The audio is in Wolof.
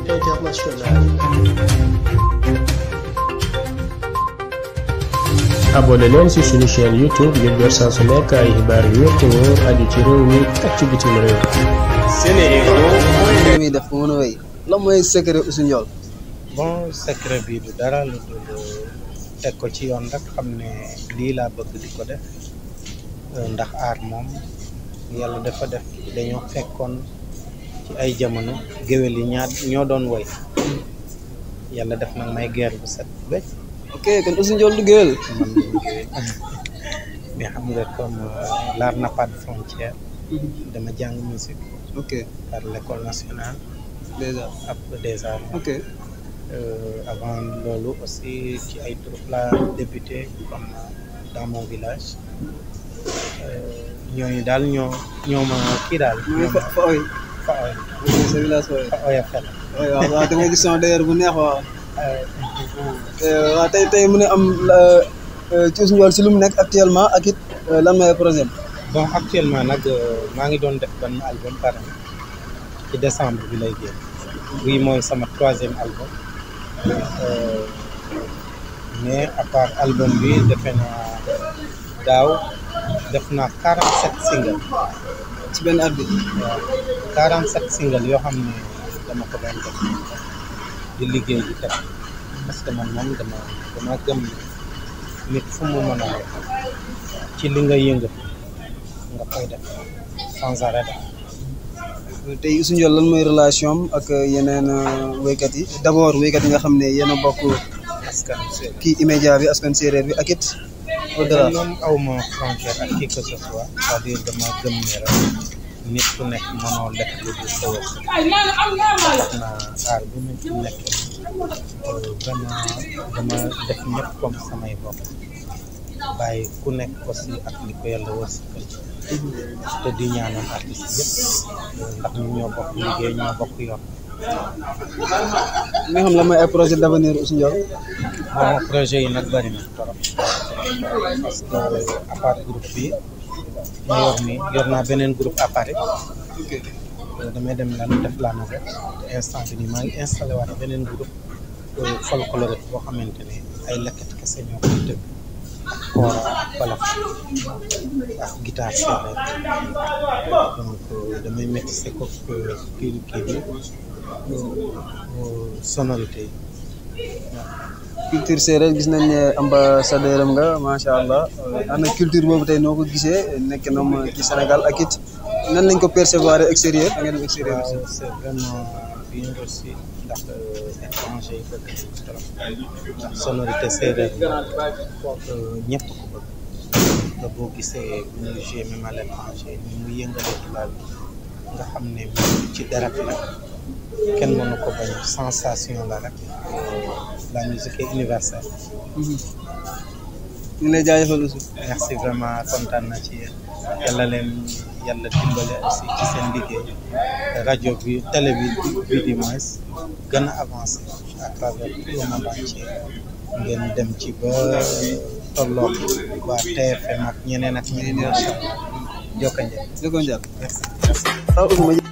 internationale. abonné leen ci suñu YouTube ngir jot saa su nekk xibaar yu wér te wóor ci réew mi ak ci bitim réew. Sénégal. li muy def mën a wéy lan mooy secret bi dara lu euh, teg ko ci yoon rek xam ne lii laa bëgg di ko def euh, ndax aar moom yàlla dafa def dañoo fekkoon. ci ay jamono géwél yi ñaar ñoo doon woy yàlla def nag may geer bu set bëcc ok kon Youssou Ndiol du géwél man mais xam nga comme euh, l'art n'a pas de frontière dama jàng musique ok par l'école nationale des arts des arts ok euh, loolu aussi ci ay la débuté comme dans mon village euh, ñooñu daal ñoo ñoo kii daal. ñoo fa oyof. fa oyof. fa oyof xel. waaw waaw da nga gis d'ailleurs bu neexo eh, waaw. tey tey mu ne am eh, eh, Youssou Ndiol si lu mu nekk actuellement ak it lan mooy projet actuellement nag maa ngi doon def benn album par an ci décembre bi lay génn. bii mooy sama troisième album. mais à part album bi defe na daaw. def naa quarante sept single benn at waaw quarante sept single yoo xam ne dama ko di liggéey di teg parce que man moom dama dama nit fu mu mën a ci li nga yëngatu nga koy def sans arrêt tey Youssou Ndiol lan mooy relation ak yeneen euh, wéykat yi d'abord wéykat yi nga xam ne yen a bokk askan kii immédiat bi askan séeréer bi ak moom aw ma frontière ak qui que ce soit cest à dama gëm ne nit ku nekk mënoo lekk lu dul sa wërsëg na aar bu nit nekk dama dama def ñëpp comme samay bopp bàyyi ku nekk aussi ak li ko yàlla wërsëgal te di ñaanal artiste yëpp ndax ñu ñoo bokk liggéey ñoo bokk yoon li nga xam la mooy ay projet d'avenir Youssou Ndiaye. Ah, waaw projet yi nag bëri parce que à part groupe ma yor nii yor naa beneen group à part euh, damay dem lan def laa na rek instant bi nii maa ngi installé waat beneen groupe folklore boo xamante ne ay lekkat kese ñoo koy dëgg. koora balaf ak ah, guitare séeréer donc euh, sonorité ah, culture séeréer gis nañ ne ambassadeur am nga macha allah euh, ana culture boobu tey noo ko gisee nekk noom ci Sénégal ak it nan lañ ko percevoir extérieur da nga dem extérieur c'est bi ñu aussi ndax euh, étranger yi bëgg sonorité séeréer euh, ñëpp ko boo gisee bu ñu joué l'étranger ni mu yëngalee tubaab bi nga xam ne ci dara la kenn mënu ko bañ sensation la rek euh, la musique est mm-hmm. ñu ngi lay jaajëfal merci vraiment kontaan na ci yéen yàlla dimbale aussi ci seen liggéey rajo bi télé bi bi di moins gën a avancé à travers tout le monde dem ci ba tolloog waa TFM ak ñeneen ak ñeneen macha allah jokka njël jokka njël merci